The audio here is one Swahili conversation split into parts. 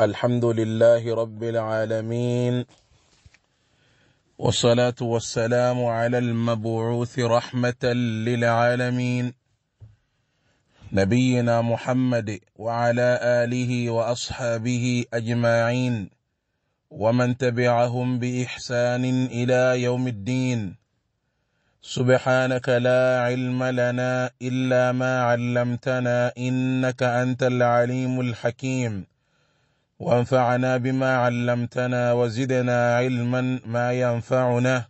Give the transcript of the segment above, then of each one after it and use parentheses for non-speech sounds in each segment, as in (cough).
الحمد لله رب العالمين والصلاة والسلام على المبعوث رحمة للعالمين نبينا محمد وعلى آله وأصحابه أجمعين ومن تبعهم بإحسان إلى يوم الدين سبحانك لا علم لنا إلا ما علمتنا إنك أنت العليم الحكيم وانفعنا بما علمتنا وزدنا علما ما ينفعنا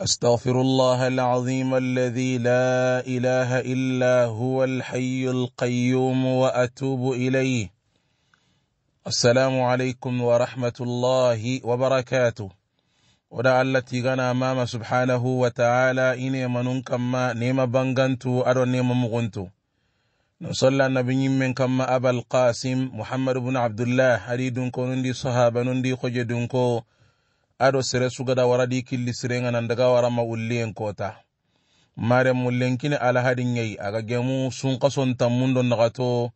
استغفر الله العظيم الذي لا اله الا هو الحي القيوم واتوب اليه السلام عليكم ورحمه الله وبركاته التي غنى امام سبحانه وتعالى إني من كما نيم بانغانتو أرو نيم مغنتو صلى النبي من كما أبا القاسم محمد بن عبد الله علي دونكو نندي صحابة نندي خجة دونكو أدو سرى سوغدا وردي كل سرين نندقا ورما ولين كوتا مارم ملنكين على هادي نيي أغا جمو سنقا سنتا مندو نغاتو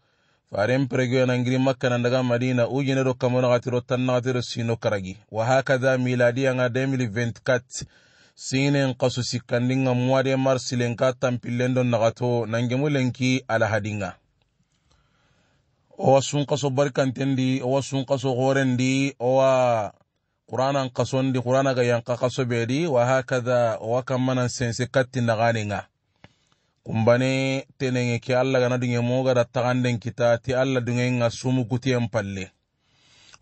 فارم برغيو ننجري مكة نندقا مدينة وجنرو كمو نغاتي رو تنغاتي رسينو كرغي وهكذا ميلادي أغا 2024 sinen kasu sikkandinga muwade mar silenka tampillen do nagato nangemulenki alahadinga owa sun kaso barkantendi owa sun kaso horendi owa kaso ndi qur'ana ga yanka kaso bedi wa hakada owa kammanan sense katti nga. kumbane tenenge ki allah gana dunge da taganden kita ti allah nga sumu gutiyen palle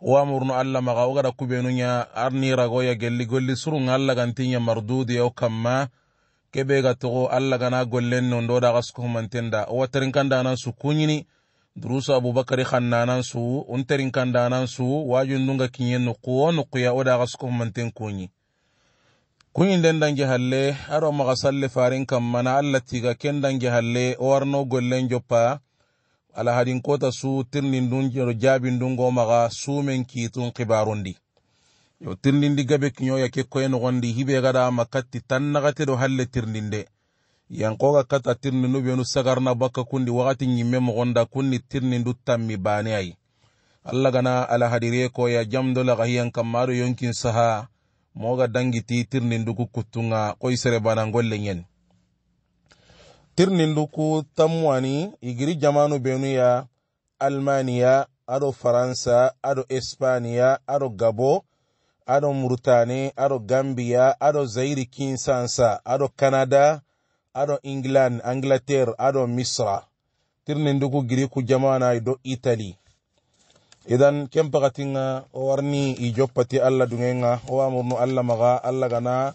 wamurno allah maga wogada kubenuya arniragoya gelli golli surun allah gantiya mardudi o kamma kebe ga togo allah gana gollen non dodaga sukohumantenda owaterinkandanan su kunyini durusu abubakari hannanan su unterinkandanan su wajundunga kinye nuku o nukuya odaga sukohumanten kuñi kunyi. den dange halle aro maga salle farin kammana allah tiga ken dange halle o warno gollen joppa kota su tirnin dun jero dungo dun go maxa sumen kiitun xibarundi yo tirnindi gabe ya ke koye gondi hibe gada makati tan gati do halle tirninde yankoga kata tirninu benu sagarna baka kundi wakati waxati ɲimme kundi kunni tirnindu tammi bane ayi allah gana alahadiree koya jamdo laxahiyan kamaru yonkin saha moga dangiti tirnindugu kuttunga koy sere banangolle ɲen tirnin duku tamwani igiri jamanu benu ya almaniya ado faransa ado espaniya ado gabo ado murtani ado gambiya ado zairi kinsansa ado canada ado england angleterre ado misra tirnin duku giri ku jamana ido itali. idan ken pakatinga warni i joppati allah dungenga o wamurnu allah maga allah gana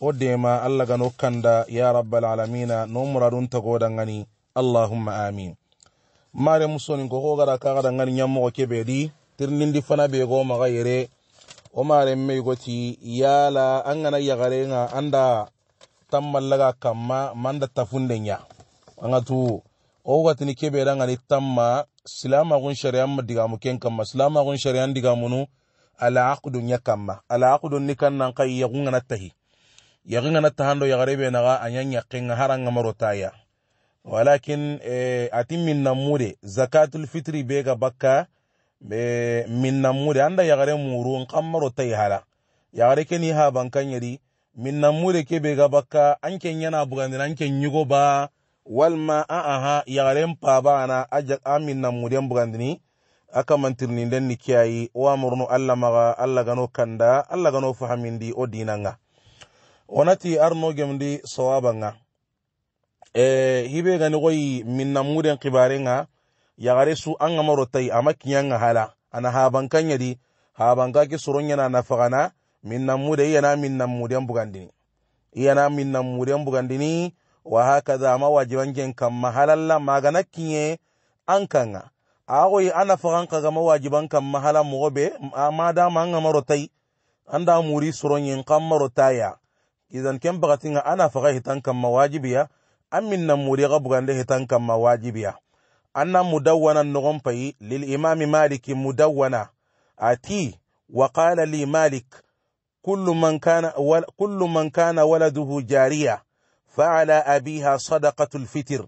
o dema allah gano kanda ya rabbal alamina no muradun tagoda ngani allahumma amin mare musoni ko ko gara ka gara ngani nyammo ko kebedi tirlindi fana be go maga yere o mare me goti yala an ngana gare nga anda tammallaga kamma manda tafunde nya anga tu o watini kebeda ngani tamma silama gun shari'an mu diga mu ken kamma silama gun shari'an diga munu ala aqdu nya kamma ala aqdu ni kannan kai ya gun ngana tahi yaginga na tahando yagarebe naga anyan yakinga haranga marotaya walakin eh, ati minnamude zakatul fitri bega bakka be eh, minnamude anda gare muru nkan marotai hala ke ni ha bankan yari minnamude ke bega bakka anken yana bugandina anken yugo ba walma a'aha yagare mpaba ana aja amin namude bugandini aka mantirni den ni kiyayi wa murnu allah maga allah gano kanda allah gano fahamindi o wonati arno gemdi sawabanga e hibe gani goyi minna muden kibarenga yagare su an marotai tai ama kiyanga hala ana di yadi habanka ki suron yana na fagana minna mude yana minna muden bugandini yana minna muden bugandini wa hakaza ma wajiban gen kan mahalalla magana kiye an kanga agoyi ana fagan kaga mawajiban kan mahala mugobe ma dama an gamaro tai an da muri suron yin kan maro إذا كم بغتين أنا فغا هتان كم واجبيا أمين نموري غبغا هتان كم واجبيا أنا مدونا النغم في للإمام مالك مدونا أتي وقال لي مالك كل من كان كل من كان ولده جارية فعلى أبيها صدقة الفطر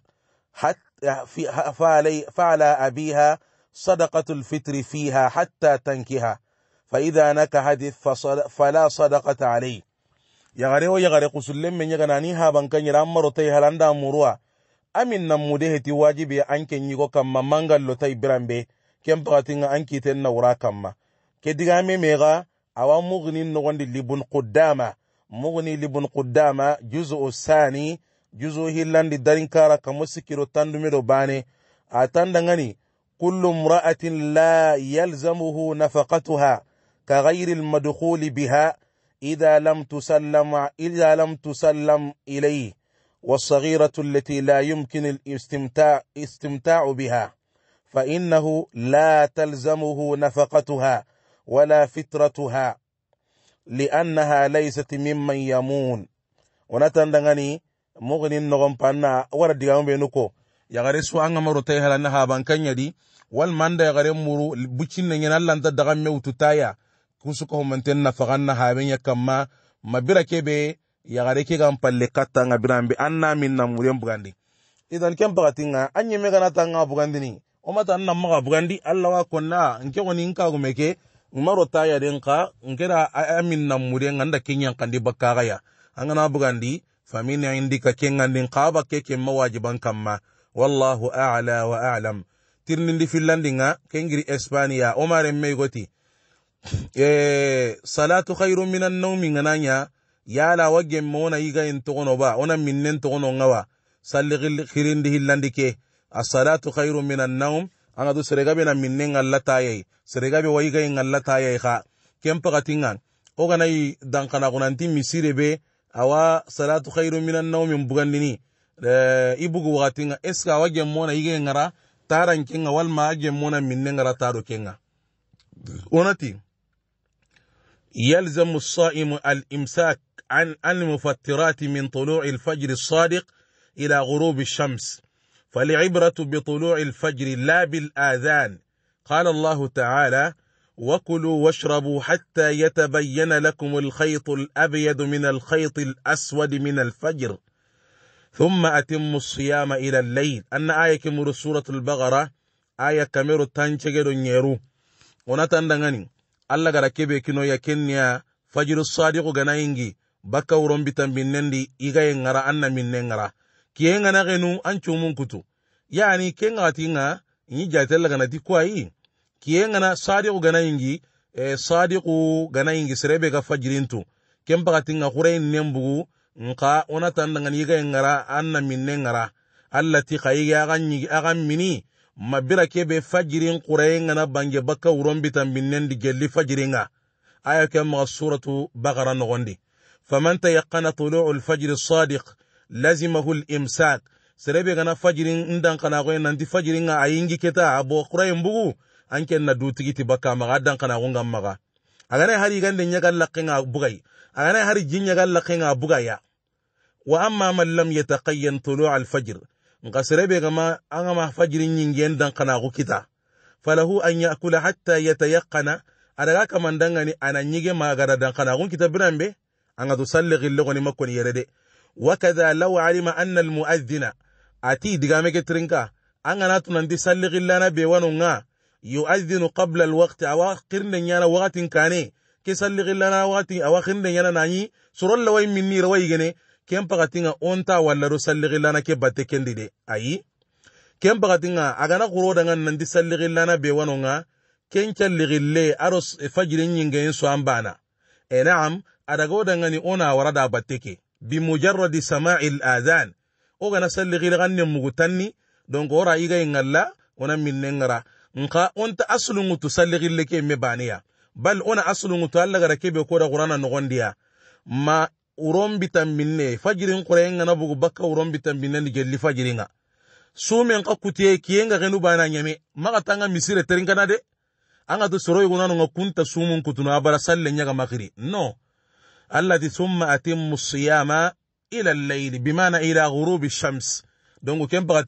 حتى في فعلى أبيها صدقة الفطر فيها حتى تنكها فإذا نكهت فلا صدقة عليه yagare o yagare kusullen men yagana ni haban kan yira maro tai halanda murwa amin nan mu heti wajibi anke ken yi ko kamma mangal lo tai birambe ken pagatin an kiten na wura kamma ke diga me mega awa mugni no gondi libun qaddama mugni libun qaddama juz'u sani juz'u hilandi darin kara kamo sikiro tandume do bane atanda ngani kullu imra'atin la yalzamuhu nafaqatuha كغير المدخول بها إذا لم تسلم إذا لم تسلم إليه والصغيرة التي لا يمكن الاستمتاع استمتاع بها فإنه لا تلزمه نفقتها ولا فترتها لأنها ليست ممن يمون ونتن دغني مغنين نغم بانا ورد يوم بينكو يا su an gamaro tai halanna haban kanya di wal manda yagare muru bucin nan yana lanta daga mewtu taya kusuka humanten na fagan na habin ya kamma mabira ya gare ke gan palle katta nga birambe anna min na muryan bugandi idan ken pagati nga anyi me kana tanga bugandi ni o mata anna maga bugandi allah wa na nke woni nka maro ta ya den ka da amin na muryan da kinyan kandi ga ya na bugandi ka indika kengandin ke keke mawajiban kamma wallahu a'la wa a'lam tirnindi finlandi nga kengiri espania o me goti Eh, salatu khairu minan nawmi ngananya yala wagge mona iga en ba ona minnen togono ngawa salli khirindi hillandi as-salatu khairu minan nawm anga du seregabe na minnen allata yai seregabe wa iga allata yai kha kempa katingan o ganai dankana kunanti misire be awa salatu khairu minan nawmi mbugandini eh, ibugu wakatinga eska wagge mona iga ngara taran kinga walma agge mona minnen ngara taro kinga onati يلزم الصائم الإمساك عن المفترات من طلوع الفجر الصادق إلى غروب الشمس فالعبرة بطلوع الفجر لا بالآذان قال الله تعالى وكلوا واشربوا حتى يتبين لكم الخيط الأبيض من الخيط الأسود من الفجر ثم أتموا الصيام إلى الليل أن آية كمر سورة البقرة آية كمر تنشجر نيرو ونتندغني allah gara kebe kino ya kenya fajiru sadiku gana ingi bakka wuronbitan binnendi igaye ngara anna minne ngara kiye ngana genu an cumun kutu yani ke ngati nga inyi jatella gana ti kwayi kiye ngana sadiku gana ingi e, eh, sadiku gana ingi serebe ga fajirintu ken pakati nga hure nembugu nka onatandangani igaye ngara anna minne ngara allah ti kayiga agan mini mabira kebe fajirin qurayen ngana bange bakka wuron bitan binnen di gelli fajirin ga aya ke ma suratu bagara nogondi faman tayaqqana tulu'u al-fajr sadiq lazimahu al-imsak serebe gana fajirin indan kana ko nanti fajirin ga ayingi keta abo qurayen bugu anke na dutigi ti bakka maga dan kana ko ngam maga agana hari gande nyagal laqinga bugay agana hari jinyagal laqinga bugaya wa amma man lam yataqayyan tulu'a al-fajr nka serebe gama angama fajirin nyingen dan kana ku kita falahu an yakula hatta yatayaqqana adaga kamandanga ni ananyige magara dan kana ku kita birambe anga to salle gille goni makoni yerede wa kadha law alima anna al muadhdhina ati digame ke trinka anga natu nandi salle gillana be wanunga yu'adhdhinu qabla al waqti awa qirna nyana waqtin kane ke salle na waqti awa qirna nyana nani surolla way minni rawai gene ken pagatinga onta wallaro salligillana ke batte kendi de ayi ken pagatinga agana kurodanga nandi salligillana be wanonga ken calligille aro fajirin yingeyin so an bana e naam adagaodangani ona warada batte ke bimujarradi samai lazan ogana salligilgan ne mugutanni donc ora igayi ngalla ona minne ngara nka onta asulungutu salligille ke me baniya bal ona asulungutu alla gara kebe koda qur'ana nogondiya ma uron bitambinne fajirin kurayen na bugu baka uron bitambinne ni gelli fajirin ga sumen ka kutiye kiyen ga genu bana nyame maka tanga misire terin kana de anga to soro yugo nanu kunta sumun kutuna abara salle nyaga makiri no allati thumma atimmu siyama ila al-layl bimana ila ghurub ash-shams dongo kempa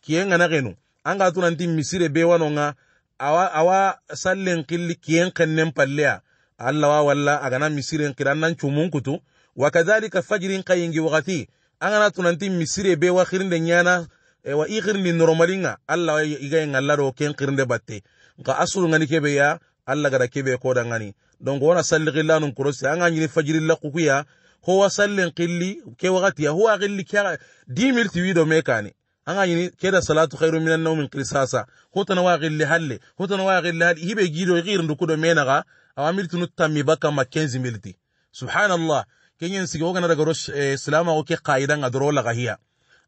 kiyen ga genu anga to nanti misire be wanonga awa awa sallen killi kiyen kannen pallea Allah wa walla agana misiren kidan nan cumun kutu wa kadhalika fajrin kayingi wakati angana tunanti misire be wa khirinde nyana e wa i khirinde normalinga alla iga ngalla do ken khirinde batte nka asulu ngani kebe ya alla gada kebe ko da ngani donc wona salli qilanun kurosi anga nyini fajri la kukuya wa sallin qilli ke wakati ya huwa qilli ke dimir tiwido mekani anga yini keda salatu khairu minan nawmin qisasa hutana wa qilli halle hutana wa qilli halle hibe gido girin dukudo menaga awamir tunu tammi baka makenzi milti subhanallah kenyen sigi ogana daga rosh islama eh, oke qaidan adoro la gahiya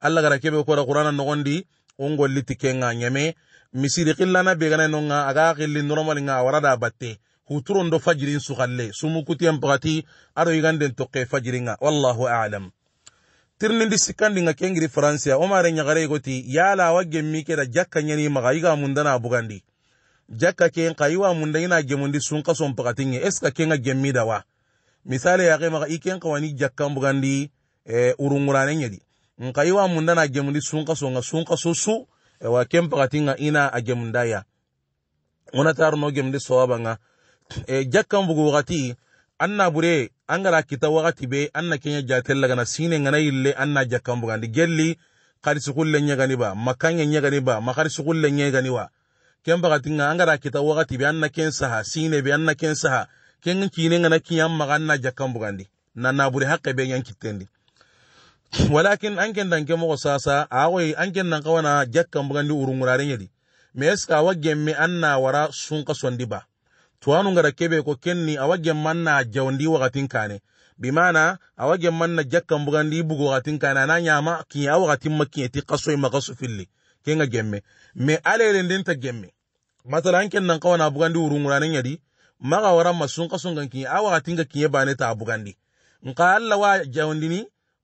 alla gara kebe ko da qur'ana nogondi on golli tikenga nyame misiri qillana be gana nonga aga qilli normal nga warada batte huturon do fajirin su galle sumu kutiyam pati aro iganden tokke fajiringa wallahu a'lam tirnindi sikandi nga kengiri faransiya omare ñagare goti yala wa gemmi keda jakka nyani maga iga mundana bugandi jakka ken ka iwa munda ina gemundi sunka son pakatinge est ce que kenga gemmi da wa misale yake maga i ken kawani jakkanbugandi e, urungurane ɲedi nka i eh, munda na gemundi sunka songa sunka susu e, wa ken pagatinga ina a gemunda ya wona taruno gemundi sawabanga e, jakkanbugu wagati an na bure an kita wagati be an kenya jatel lagana sine ngana yille an na jakkanbugandi gelli karisi kulle ɲegani ba makkanɲe ɲegani ba makarisi kulle ɲegani wa ken pagatinga an kita wagati be an na sine be an na ken kine ngana kiyam magan na jakam bugandi na nabure hakke be yan kitendi walakin an ken danke mo sasa awai an ken nan kawana jakkan bugandi urungurare yedi me eska waggen me anna wara sun ka sondi ba to anu ngara kebe ko kenni awaggen manna jawndi wakatin kane bimana awaggen manna jakkan bugandi bugo wakatin kana na nyama ki wagatin makki eti qaso ma qaso filli kenga gemme me alele ndenta gemme matalan ken nan kawana bugandi urungurare yedi maga wara masun kasun gan kin awa tinga kin ba ne ta bugandi nka alla wa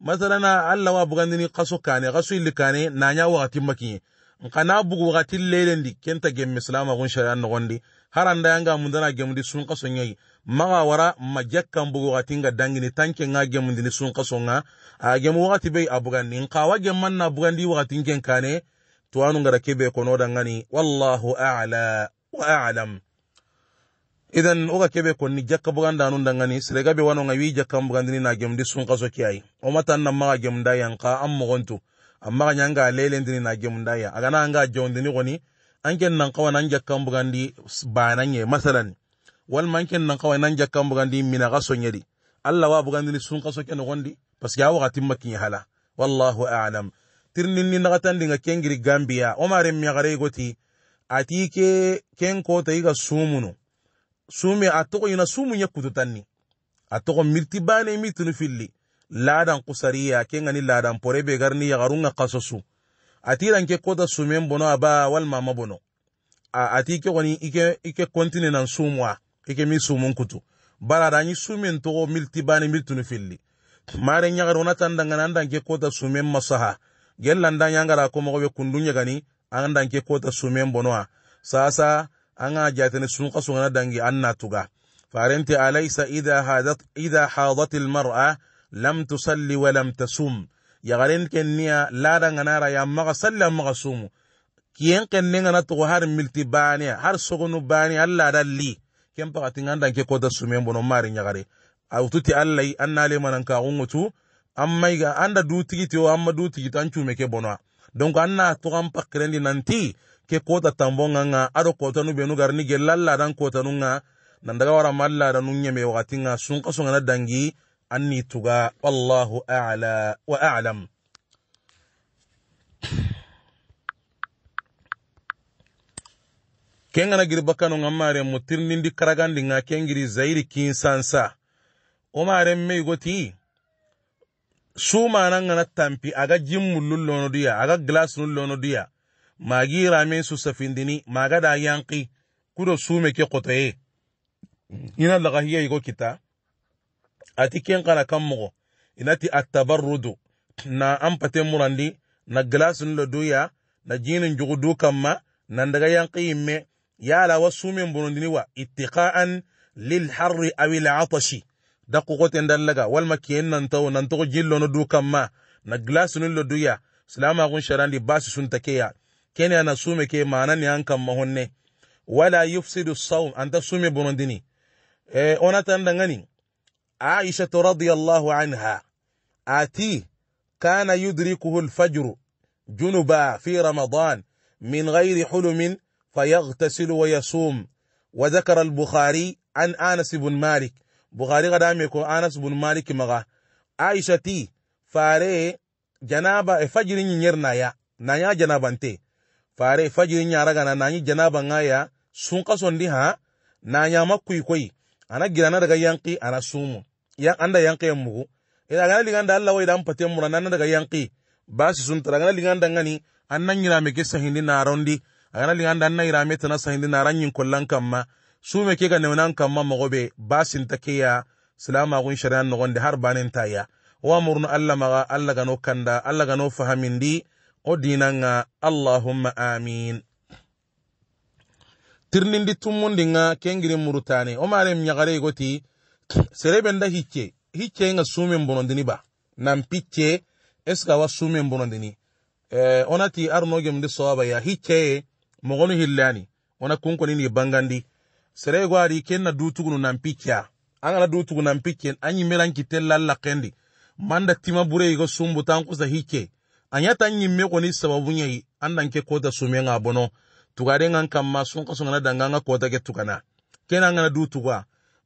masala na alla wa bugandini kaso kane kaso ili kane nanya wa timma kin nka na bugu wakati lelendi kenta gem mislama gun shari'a nogondi haranda yanga mundana gemdi sun kaso nyayi maga wara ma jakkan bugu wakati nga dangini tanke nga gemdi ni sun kaso nga a gemu wakati be abugandi nka wa gem manna bugandi wakati ngen kane tuwanu ngara kebe kono dangani wallahu a'la wa a'lam idan oga kebe ko jakka buganda nun dangani sirega be wano ngawi jakka bugandini na gemdi sun kaso kiyai o matan nan maga gemda yanka am mogontu amma ga nyanga lelendini na gemda ya aga na anga jondini goni anken nan kawa nan jakka bugandi bananye masalan wal manken nan kawa nan jakka bugandi mina kaso nyedi alla wa bugandini sun kaso ken gondi paske awa gatin makin hala wallahu a'lam tirnin ni nagatan dinga kengiri gambia o mare mi gare goti ati ken ko tayi ga sumunu sume a togo ina sumu ya kututanni a togo mirti bane mitunu filli ladan kusariya ke ngani ladan pore be garni ya garunga kasosu atiran ke koda sumen bono aba wal mama bono ati ke woni ike ike kontine nan sumwa ike mi sumun kutu bara dani sumen togo mirti bane mitunu filli mare nya garona tandanga nandan ke koda sumen masaha gellan yangara ko mo be andan ke kota sumen bonoa sasa an ga jatani sun kaso na dangi an na tuga farenti alaysa idha hadat idha hadat mar'a lam tusalli wa lam tasum yagaren kenniya ladan ganara ya maga salli maga sumu kiyen ne ngana tugo har milti bani har sogonu bani alla dalli ken pakati ngandan ke kota sumen bono mari nyagare yi allai annale manan ka ungutu amma ga anda du tigiti o amma du tigiti an cume ke donc anna toxan pakkirendi nanti ke kota tambonga nga aɗo kotanu benu garini gella ladan kotanu nga nandaga warama ladanu ɲeme waxati nga sunka songana dangi an ni tuga wallahu ala wa alam (clears throat) kenga gana giri bakkanu mare mutirindi karagandi nga zairi kinsansa wo maren goti. sumanan ngana tampi aga jimmullu lono duya aga glass nu lono duya magi ramen su safindini maga da yanki kudo sume ke kotoye ina laga hiya yigo kita ati ken kana kammo inati at-tabarrudu na ampate murandi na glas nu lo duya na jinin jugu ma na daga yanki me yala wa sumen burundini wa ittiqa'an lil harri aw atashi daquqoten dallaga walma kiyen nantawo nantogo jillono du kamma na glasinullo duya silamagun sharandi basi sunta keya kene ana sume ke manani an kamma honne wala yufsidu saum anta sume bonondini e onatan dangani aishatu radiallahu anha ati kana yudrikuhu lfajru junuba fi ramadan min غير حلم فيغتسل ويصوم وذكر البخاري عن انس بن مالك buhari gada me ko anas bin malik maga aisha ti fare janaba e fajiri nyerna ya na e ya janaba fare fajiri nyara gana na ni janaba ngaya sun kaso ndi ha na nya makui koi ana girana daga yanki ana sumu ya anda yanki ya ila gana liganda Allah wai dan patem murana na daga yanki basi sun tara liganda ngani annan yirame ke sahindi na rondi gana liganda annan yirame tana sahindi na ranyin kullan kamma me ke ga neunan kan ma ba sin ta takiya salama gun shari'an no gonde har banin ya wa murnu allah maga allah gano kanda allah gano di o ga allahumma amin di tirnindi ga kengiri murutane o mare nyagare goti serebe da hicce hicce nga sume dini ba nan picce eska wa sume dini eh, onati gem di sawaba ya hicce mogonu hillani ona ni bangandi sere gwari ken na dutugunu nan pikya an ala dutugunan pikken an yimmel an kiten lallakendi manda tima bure igo sumbuta an kusa hike an yata an yimme sababu yai an ke kota sume nga bono tugare ngan kamma sun kaso ngana danga kota ke tugana kena ngana dutugwa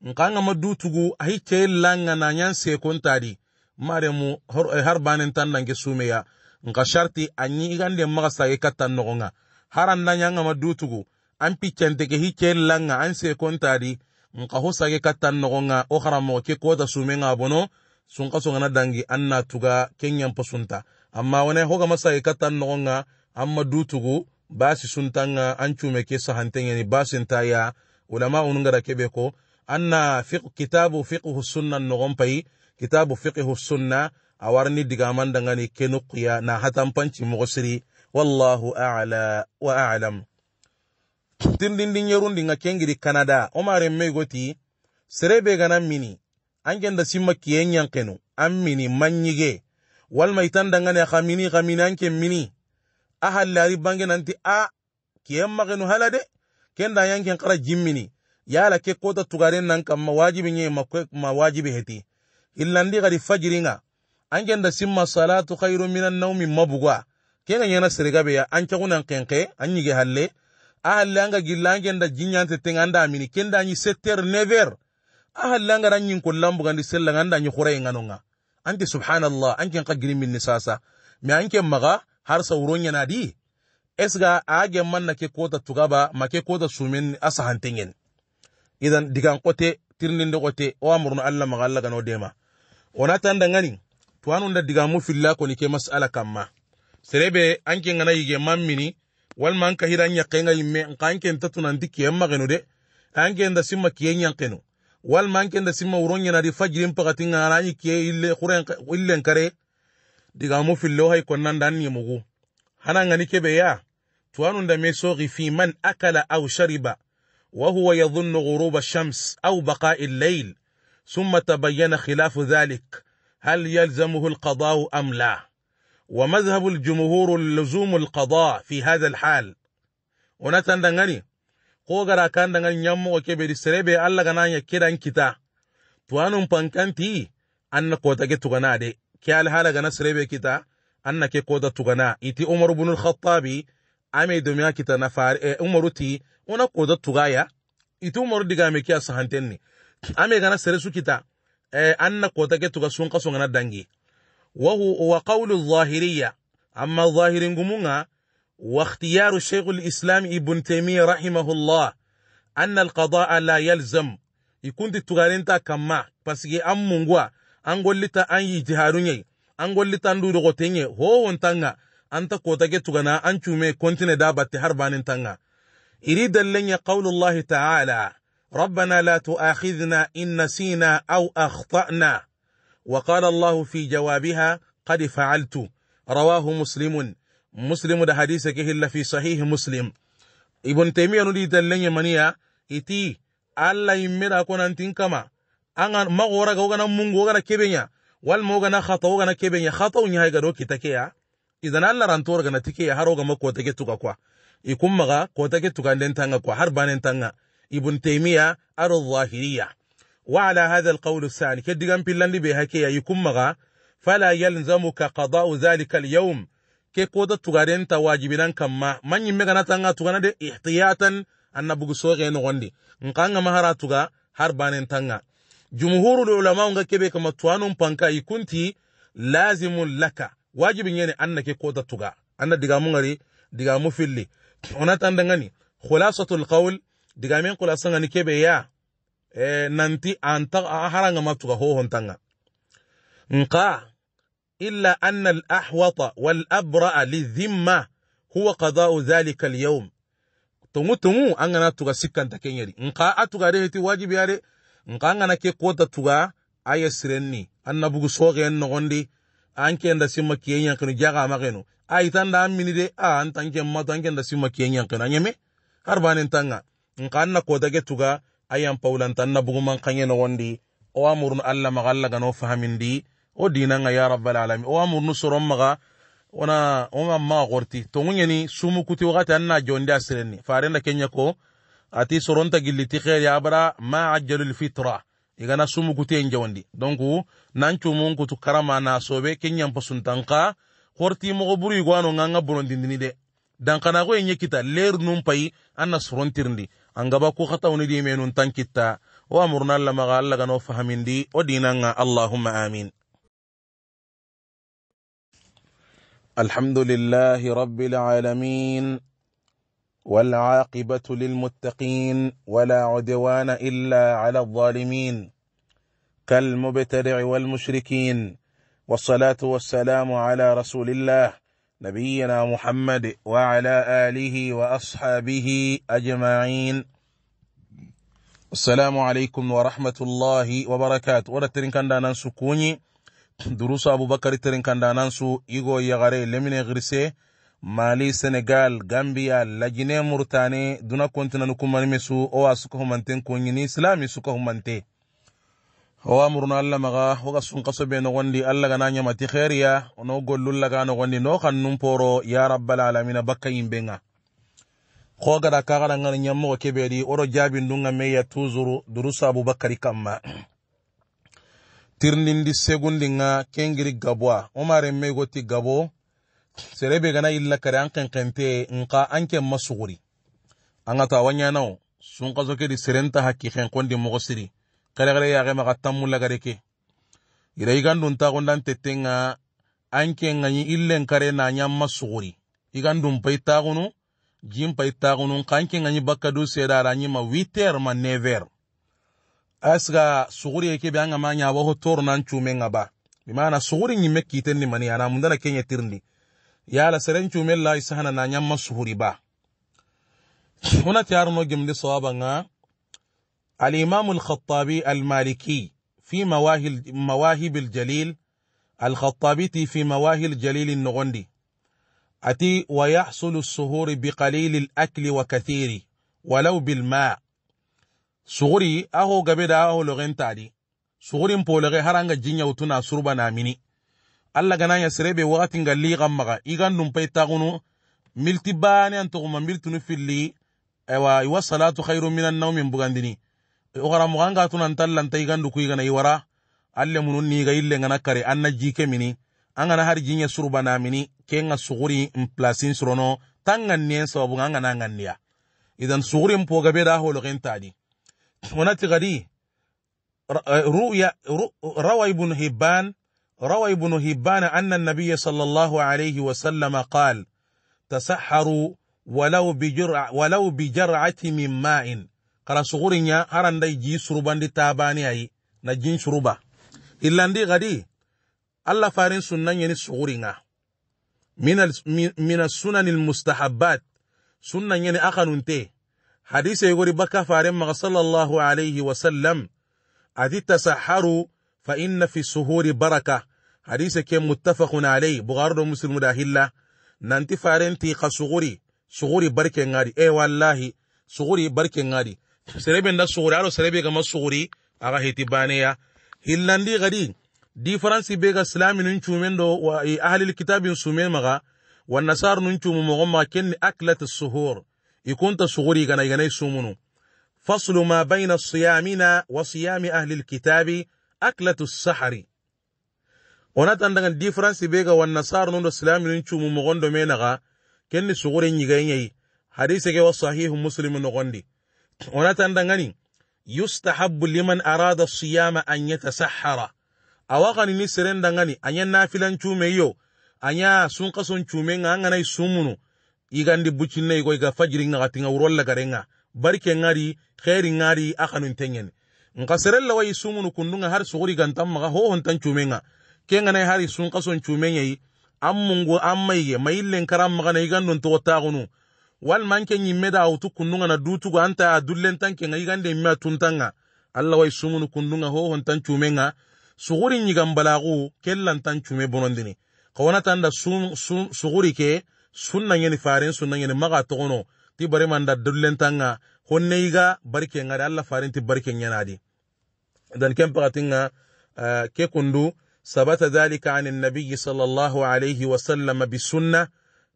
nka nga ma dutugu a langa na nyan se mare mu har eh, banen tan dan sume ya nka sharti an igande maga sage katan nogonga haran nan ma dutugu an piccantege hi kellanga an sekontadi nka ho sage kattan nogonga o haramogo ke kota sumenga bono sunka songana dangi an na tuga sunta amma wone hogama sage kattan nogonga an dutugu basi suntanga an cume ke sahantengeni basintaya ulama unungada keɓe ko an na kitabu fiqhu sunna nogon payi kitabu fiqhu sunna a warni digamandangani ke na hatanpanci mogo wallahu ala wa alam tirlindin yerundin ga kengiri kanada o maren me goti serebe gana mini an simma kiyen yankenu an manyige walma itan dangane ka mini ka mini an mini a hallari nanti a kiyen magenu hala kenda yanken kara jimmini yala ke kota tugaren nan kamma nye ma wajibi heti illandi gadi fajiringa an kenda simma salatu khairu minan naumi mabugwa kenga nyana serega ya an kagunan kenke halle ahallanga gillangenda jinyante teng anda amini kenda anyi setter never ahallanga ran nyin kollan bugandi sella anda anyi khore nganonga anti subhanallah anken qagri min nisasa me anken maga har sauronya nadi esga age manna ke kota tugaba make kota sumen asahantingen idan digan kote tirninde kote o amurno allah maga allah gano dema onatanda ngani tuwanunda digamu filla koni masala kamma serebe anke ngana yige mammini walma an kahira an yakenga yimme nka an kenta tunandi kiyen magenu de an kenda simma kiyen yankenu walma an kenda simma wuro ñanadi fajirin pagatinga ara ñi kiye ille illen kare digamu fillo hay konnanda an yemugu hana ngani kebe ya tuwanu ndame sogi fi man akala au shariba وهو يظن غروب الشمس أو بقاء الليل ثم تبين خلاف ذلك هل يلزمه القضاء أم لا ومذهب الجمهور لزوم القضاء في هذا الحال ونتن دنغني kogara kan dangan nyammo ko kebe disrebe alla gana ya kiran kita tuanun pankanti anna kota ke tugana de ke al hala gana srebe kita anna ke kota tugana iti umar ibn al-khattabi ame dumiya kita na far e umaru ti una kota tugaya iti umaru diga me kiya sahantenni ame gana sere su kita e anna kota ke tuga sun kaso gana dangi وهو وقول الظاهرية أما الظاهر قمونا واختيار الشيخ الإسلام ابن تيمية رحمه الله أن القضاء لا يلزم يكون دي تا كما بس يي أم منغوا أنغول لتا أن يجهاروني أنغول لتا ندورو غوتيني هو وانتانغا أنت كوتاكي تغانا مي كنتين دابت هربانين تانغا إريد اللي قول الله تعالى ربنا لا تؤاخذنا إن نسينا أو أخطأنا وقال الله في جوابها قد فعلت رواه مسلم مسلم ده حديث كهل في صحيح مسلم ابن تيمية نودي دلني منيا إتي الله يمير أكون أنتين كما أنا ما غورا غورا مونغ غورا كبينيا والموغا خطأ غورا كبينيا خطأ ونهاي غورا كتاكيا إذا الله رانتور غنا تكيا هروغا ما كوتاكي توكا كوا يكون مغا كوتاكي توكا لنتانغا كوا هربان انتانغا ابن تيمية الظاهرية وعلى هذا القول الثاني كدغان بلان بهكي يكون مغا فلا يلزمك قضاء ذلك اليوم ke koda tugaren ta wajibinan kan ma manyin mega na tanga tugana de ihtiyatan anna bugu soge no gondi nkanga mahara tuga har banen tanga jumhurul ulama nga kebe kama tuanun panka ikunti lazimun laka wajibin yene anna ke koda tuga anna diga mungari diga mufilli onata ndangani khulasatul qawl diga men khulasan ngani kebe ya Eh, nanti an a haranga matuka hohontanga Nka illa anna alahwata walabraa lidhimma huwa qadau dhalika alyawm tungu tungu angana tuga sikkanta kenyeri nqa atuga reheti wajibi yare an angana ke kota tuga aya sirenni annabugu sooxeen noxondi an kenda simma kiye ñankinu jaxama xenu a itanda an mini de a an tanke matu an kenda simma kiye ñankinu a ñeme har banen tanga nka an na kota ke tuga ayan paulantanna buguman kange nogondi o amurnu allah maga allah gano fahamindi o dinanga ya rabbalalamin o amurnu soron maga wona oma maga gorti ni sumu kuti wakati an na jondi a sirenni farenda kenya ko ati soronta gilliti heri abara ma ajjalu lfitra igana sumu kuti en jawandi Donku nan cumun kutu karama na sobe kenyanpa suntanka horti mogo buru igwano nganga bonondindini de dankanago en ye kita leru num payi an na sorontirindi angaba ku khatawni di menun tankitta wa murna alla maga alla gano fahamindi o dinanga allahumma amin الحمد لله رب العالمين والعاقبة للمتقين ولا عدوان إلا على الظالمين كالمبتدع والمشركين والصلاة والسلام على رسول الله نبينا محمد وعلى آله وأصحابه أجمعين السلام عليكم ورحمة الله وبركاته ورا ترين كان دانان سكوني دروس أبو بكر ترين كان دانان سو إيغو يغاري لمن غرسي مالي سنغال غامبيا لجنة مرتاني دونا كنتنا نكو منمسو أو أسكو همانتين كونيني إسلامي سكو همانتين o amuruna allah maga woga sunkaso be nogondi allah gana ñamati heriya ono gollullaga nogondi no kannum poro ya rabbal alamina bakka yimɓe ga ko gada kagana gana ñammogo keɓeɗi oɗo jaabindunga meya toujours durusu aboubacary kamma tirnindi segundinga kengiri gaboa omaren meygoti gabo serebe gana illa kare an kenkente nka an masuguri an ga tawa ñanawo sunkaso kedi serenta hakki henkondi mogo siri karegare yage maga tammulla gade ke ira iganduntagunda ntettenga ankengañi illen kare nañamma suguri igandumpa ittagunu jimpa ittagunun kankengañi bakka du seedarañima 8 heure ma 9 heure asiga suguri ekebe angama ñaba ho torunan cumenga ba bimana suguri ñimme kitenni mani ana mundana kenya tirndi yala seren cumen la isahana nañamma suguri ba hunati aruno gemde sawabanga الإمام الخطابي المالكي في مواهب الجليل الخطابتي في مواهب الجليل النغندي أتي ويحصل السهور بقليل الأكل وكثير ولو بالماء سغري أهو قبدا أهو لغين تعدي سغري مبو لغي جينيا وتونا سربا نامني ألا غنا يسري بي وقت لي غمغا إغان نمبي تاغنو ملتباني أنتو غم ملتنو في اللي ايوا يوا خير من النوم مبغاندني ogaramoga tuna ntalla ntai gandu kuiga na iwara alle munun ni ga ille ngana kare anna jike mini anga na har jinya na mini kenga nga suguri n plasin surono tanga nien sababu ŋa an gana ŋanniya idan suguri mpo n pogabe da hologen tadi wonati gadi روى ابن هبان روى ابن هبان أن النبي صلى الله عليه وسلم قال تسحروا ولو بجرعة, ولو بجرعة من ماء kara suguri sugurinya harandai ji surubandi tabani ayi na jin suruba illandi gadi allah farin sunnan yani suguringa min sunan almustahabbat sunnan yani akanunte hadise gori baka farin ma sallallahu alaihi sallam adi tasaharu fa inna fi suhuri baraka hadise ke muttafaqun alayhi bukhari do muslim da hilla nanti farin ti qasuguri suguri barke ngari e wallahi suguri barke ngari serebe nda suguri aro serebe gama suguri aga heti baneya hillandi gadi difference be ga silami nun cumen do wa ahlil kitabin sumen maga wa nasar nun cumu mogo maga kenni aklat suhur ikunta suguri gana igana sumunu faslu ma bayna siyamina wa siyami ahlil kitabi aklat sahari ona tan daga difference be ga wa nasar nun do silami nun cumu mogo do menaga kenni suguri nyiga nyi hadise ke wa sahihu muslim nogondi onatan dangani yustahabu liman arada siyama an yatasahara awakani ni seren dangani anya nafilan cume yo anya sunkason cume nga anganai sumunu igandi bucinna igo iga fajiri ngakatinga urolla garenga barke ngari kheri ngari akanun tenyen nka seren lawa i sumunu kundunga har suguri gantan maga hohontan cume nga kenganai hari sunkason cume yai an mungu an maige maillen karan magana igandon togo tagunu wal manke nyimme da autu kunnunga na dutugo anta a dullen tanke nga igande imma tuntanga allah wai sumunu kunnunga ho hon tan cumenga suguri nyigam balagu kellan tan cume bonondini kawana da sum, sum, suguri ke sunna ngeni faren sunna ngeni maga togono ti bare manda dullen tanga honne iga barke ngari allah faren ti barke nyanadi dan kem pagatinga uh, eh, ke kundu sabata dhalika an an-nabiy sallallahu alayhi wa sallam bisunna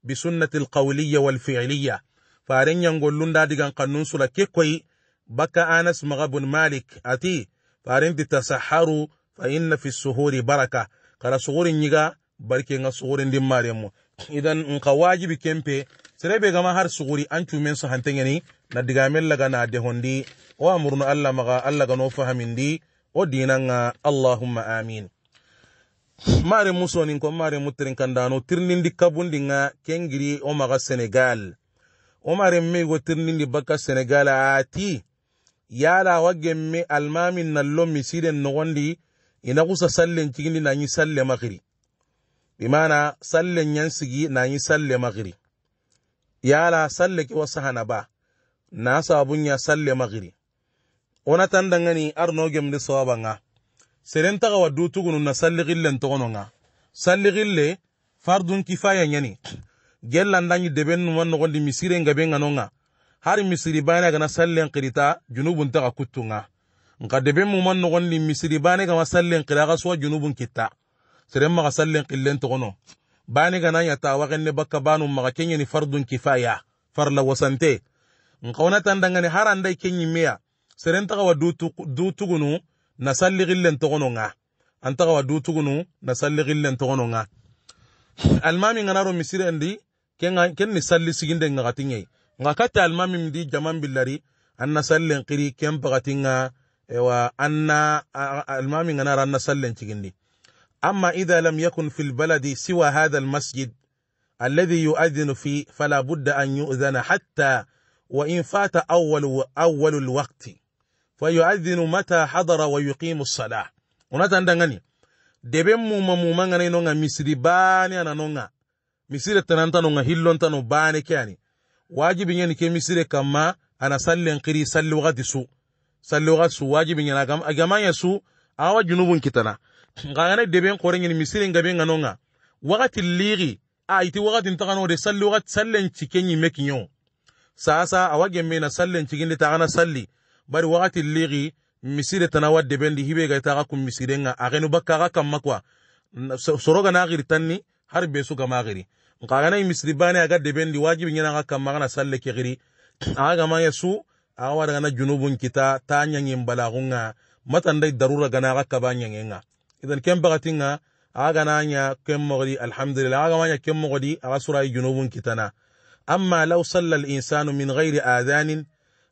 بسنة القولية والفعلية فارن ينقول لندا ديغان قنون سورة كيكوي بكا أنس مغبن مالك أتي فارن تسحارو فإن في السهور بركة قرى سهور نيغا بركة نغا سهور دي ماريمو إذن نقا واجب كيمبي سربي غما هار سهوري أنتو من سهنتيني ندقامل لغا نادهون دي وأمرنا اللغا مغا الله غنو فهمين دي ودينا اللهم آمين mare ni ko mare mutrin kandano tirnindi kabundi nga kengiri o maga senegal o mare me go tirnindi baka senegal ati yala wagge me almamin nallo no wondi ina kusa sallen na ni salle bi mana sallen yansigi ni salle magri yala salle ki wasu hana ba na sabun ya salle magri ona tandangani arno ni sawaba nga serentaga waddu tugununna salligillen togononga salligille fardun kifaya ñani gellandañi deben numan nogondi misiren gabe ganonga har misiri bane gana sallen kirita junubun taga kuttunga nka deben muman nogondi misiri bane gama sallen kira aga suwa junubun kitta seren maga sallen killen togono gana ñata waxenne bakka banu maga keñeni fardun kifaya farla wasante nka wonatandangani har anday keñimmeya seren taga wa du tugunu nasalli gillen togononga antaga wa dutugunu nasalli gillen togononga almami nganaro misirendi ken ken ni salli siginde ngati nyai ngakata almami mdi jaman billari anna sallen qiri ken bagatinga ewa anna almami nganaro anna sallen cigindi أما إذا لم يكن في البلد سوى هذا المسجد الذي يؤذن فيه فلا بد أن يؤذن حتى وإن فات أول أول الوقت ويعذن متى حضر ويقيم الصلاة unatandangani debe muma muma ngana inonga misiri bani ananonga misire tanantanonga hillontano bani keani wajibi ngeni ke misire kama ana sallen qiri salli wakati su salli wakati su wajibi ngeni agam, agamanya su awa junubun kitana ngana debe nkore ngeni misire ngabe nganonga wakati liri a iti wakati ntakano de salli wakati sallen chikenyi mekinyo sasa awagembe na sallen chikindi tagana salli bari wagati ligi misire tanawa debendi hibe ga taga kum misire nga agenu baka ga kamma soroga na agiri tanni har be ga magiri nka ga misri bani aga debendi bendi wajibi ngena ga kamma na salle ke giri aga ma yesu aga wada na junubun kita tanya ngim balagunga matandai darura gana ga kabanya ngenga idan kem bagatinga aga nanya kem mogodi alhamdulillah aga manya kem mogodi aga surai junubun kitana amma law salla al insanu min ghairi adhanin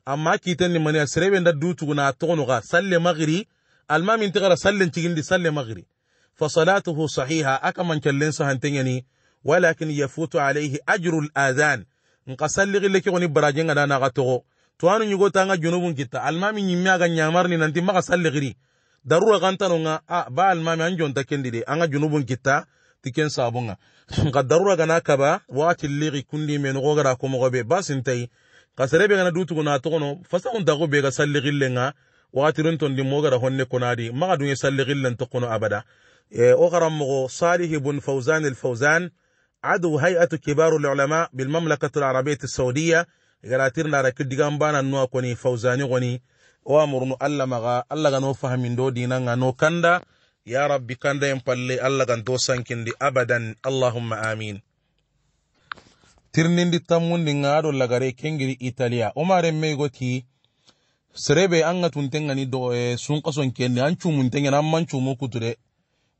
amma kitani mani sirebe nda dutu na tono ga salle magri alma min tigara cikin cigindi salle magri fa salatuhu sahiha aka man kallen sa hantengani walakin yafutu alaihi ajrul azan in nka salli gille ke goni barajin ga dana ga togo to anu nyugo tanga junubun kita alma min nyimmi aga nyamar ni nanti maka salli giri darura kantano nga a ba alma min anjon kendi de anga junubun kita tiken sabunga (laughs) nka darura ga nakaba wati ligi kundi men gogara ko mogobe basintai kasarebe gana dutuguna togono fasahun dago bega salli gillenga wagatirin tondi mogara honne konadi maga dunye salli gillen tokono abada e, o karammogo salih bun fawzan الفوزان عدو هيئة كبار العلماء بالمملكة العربية السعودية غراتير نارا كدغان بانا نوا كوني فوزاني غني وامرنو الله مغا الله غنو فهمين دو دينا غنو كندا يا ربي كندا ينبالي الله غنتو سانكين دي أبدا اللهم آمين tirnindi tammundi ngaɗo lagare kengiri italia omare maren meygoti serebe anga an do e sunqason kenni an cumuntengeni an man cumu kutude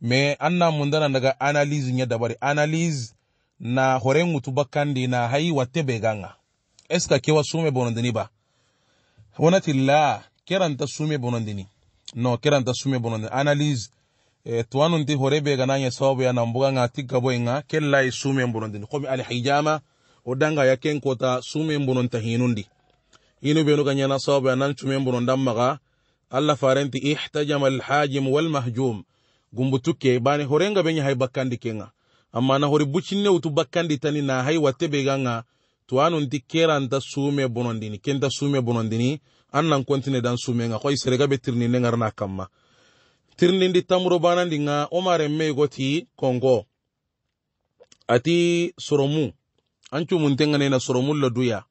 mais an na mundana daga analyse nya dabari analyse na hore ŋutu bakandi na hayi watte beganga eska ke est sume bonondini ba wonati la keran ta sume bonondini no keran ta sume bonondini analyse e, tuwanunti hore be gana ɲe sababu ya nan buga ga tigga boyi sume bonondini komi al hijama o danga ya ken kota sumen bonon ta hinundi inu benu ga nyana sababu anan sumen bonon dan maga allah farenti ihtajama alhajim walmahjum gumbutuke bani horenga benya hay bakkandi kenga amma na hori bucinne utu bakkandi tani na hay watte be ganga to anunti keranta sume bonondini kenta sume bonondini an nan kontine dan sume nga koy serega be tirninde ngarna kamma tirnindi tamuro banandi nga omare mey goti kongo ati soromu ancumun tenganena soromun la duya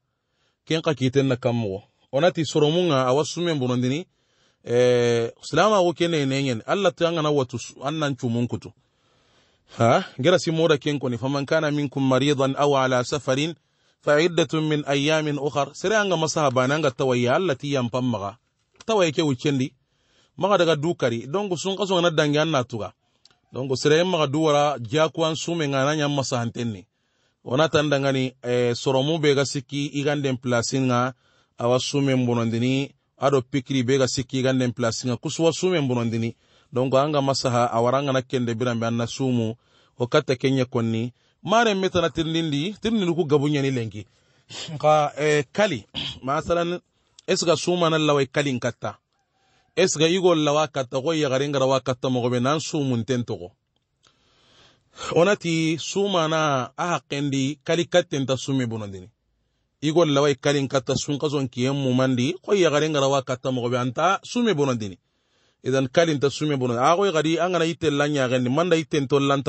ken ka kiten na kammogo onati soromunga awa sumen bonondini eh, silama kene nenyen allah ta ngana watu annan cumun kutu ha ngera si moda ken koni faman kana minkum maridan aw ala safarin fa iddatun min ayamin ukhar sere anga masahaba nanga tawayya allah ti yam pammaga ke wucendi maga daga dukari donc sun kaso ngana dangi anna tuga donc sere maga duwara jakuan sumen ngana nyam masahantenni wona tan dangani eh, soromu be ga sikki i ganden plasin ga awa sumen bonondini ado pikiri be ga sikki i ganden plasin ga kusuwa sumen bonondini donc an ga masaha awara an gana kende biranbe an na sumu wo katta kenye konni maren me tana tirindindi tirindini ku gabunyani lenki nka eh, kali (clears throat) masalan esga sumana lawai kalin katta esga igo lawa katta ko yagarin garawa katta mogobe nan sumun ten onati sumana aha kendi kali kattenta sumi bonondini igol lawai kalin katta sun kason kiyen mumandi ko yagaren gara katta mogobe anta sumi bonondini idan kalin ta sumi bonondini ago gari an ite lanya manda ite tollan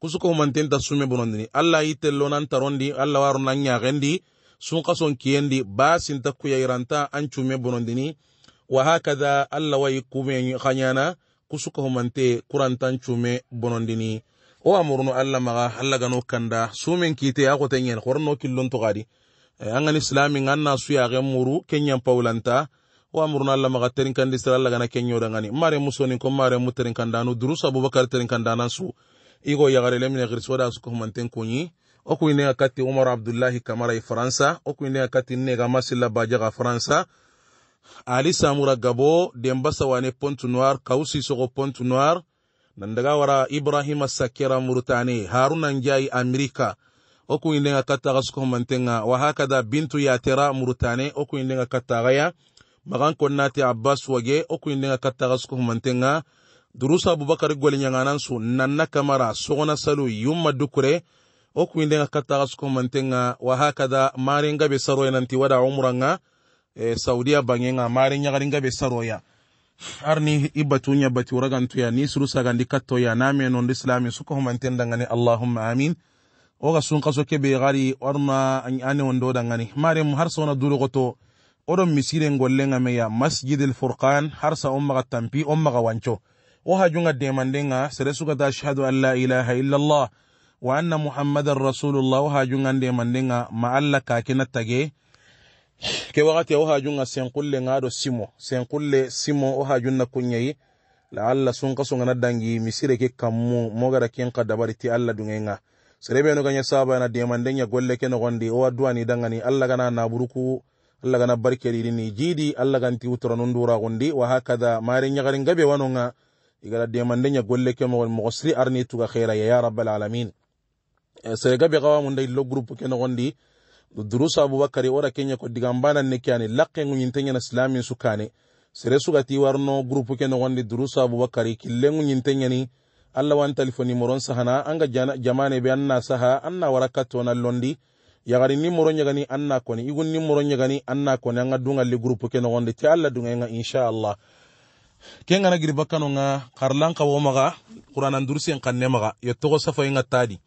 kusuko humanten ta sumi bonondini alla ite lonan alla waro nanya sun kason kiyendi basin ta kuya an cume bonondini wa hakada alla wai kume khanyana kusuko humante kurantan cume bonondini o amurno allah maga allah gano kanda sumen kite ya ko tenyen horno killon to gadi an eh, an islami an na su ga muru kenyan paulanta o amurno allah maga terin kandi sira allah gana kenyo da mare musoni ko mare muterin kandanu durus abubakar terin kandana su igo yagare lemine girsoda su ko manten kunyi oku ine kati umar abdullahi kamara faransa oku ine kati nega masila bajaga faransa ali samura gabo demba sawane pont noir kausi sogo pont noir nandaga wara ibrahima sakira murutani haruna njai amerika oku okuindenga kataga sukomantenga wahakada bintu yatera murutani oku indenga okuindenga katagaya magan konnati abbas wage oku okuindenga kataga mantenga durusa abubakar goliñaganansu nanna kamara sogona salu yumma dukure oku okuindenga kataga sukomantenga wahakada marengabe saroya nanti wada umuranga e, saudia bangenga mare ñagaringabe saroya arni ibatunya bati waragantuya ni surusagandi kattoya name nonde islami suka humanten dangani allahumma amin oga sunkaso kebe gari warma ane wondo dangani maremu har sona durogoto oɗon misiren gollenga meya masjidel furqan har sa on tampi on maga wanco wo hajunga demandenga sere sugata ashhadu an la ilaha illallah wa anna muhammadan rasulullah wo hajunga demandenga ma allah kakena tage ke wakati a wo hajun ga senkulle ngaado simo senkulle simo wo hajun na kunyayi la allah sunka sunga nadangi misire ke kammu mogara kenka dabari ti allah dungay nga serebeno ganya saba na demandenya golle ke nogondi o adduani dangani allah gana naburuku allah gana barkeri ni jidi allah ganti utura nundura gondi wa hakada mari nyagari ngabe wanonga igara demandenya golle ke mo mosri arni tuga khaira ya rabbal alamin eh, sere gabe gawa mun dai lo group ke nogondi durusa abubakari wora kenya ko digambana ne digambananne keani lakkengu na islamin sukane sere sugati warno groupe ke no nogondi durusa abubakari killengu ni allah wan telefoni moron sahana anga jamane be anna saha anna wara na londi yagari moron yagani anna koni igun ni moron yagani anna koni anga dunga dungalli groupe ke no nogondi te allah insha allah ke ngana giri bakano nga karlan ka wo maga qur'an quranan en kanne maga yettogo safayenga tadi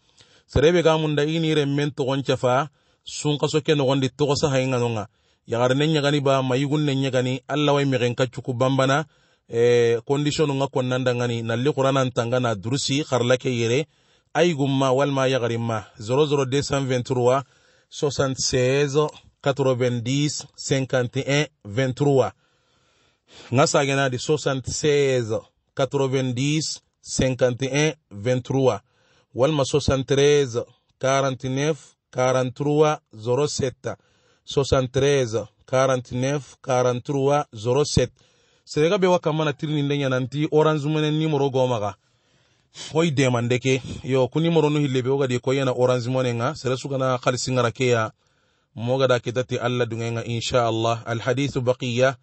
serebe ga munda inire men togon cafa sunkaso ke nogondi togosa hayinga nonga yagare ne ɲagani ba mayigun ne ɲagani alla wai megen kacuku banbana eh, kondisionu nga konnandangani nalli quranan tanga na durusi harla ke yere ayigunma walma yagarinma 00223 76 90 51 di 76 90 51 23 walma 73 49 43 07 73 49 43 07 sega be wakamana tirninde ɲananti orange mone nimoro gomaga hoy demande ke yo ku nimoro nu hillebe wogadi ko yana orange mone ŋa sere sugana halisi ŋara keya mogada ketati allah duŋe ŋa inchallah alhadisu baqiya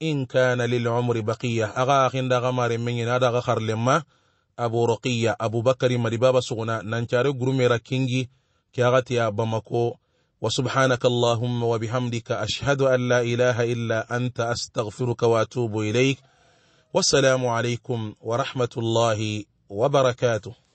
in kana lilumri baqiya aga akinda aga mare meŋene ada aga harlenma abu roqiya abubakari madibaba suguna nancare gurumera kingi كاغتيا بمكو وسبحانك اللهم وبحمدك أشهد أن لا إله إلا أنت أستغفرك وأتوب إليك والسلام عليكم ورحمة الله وبركاته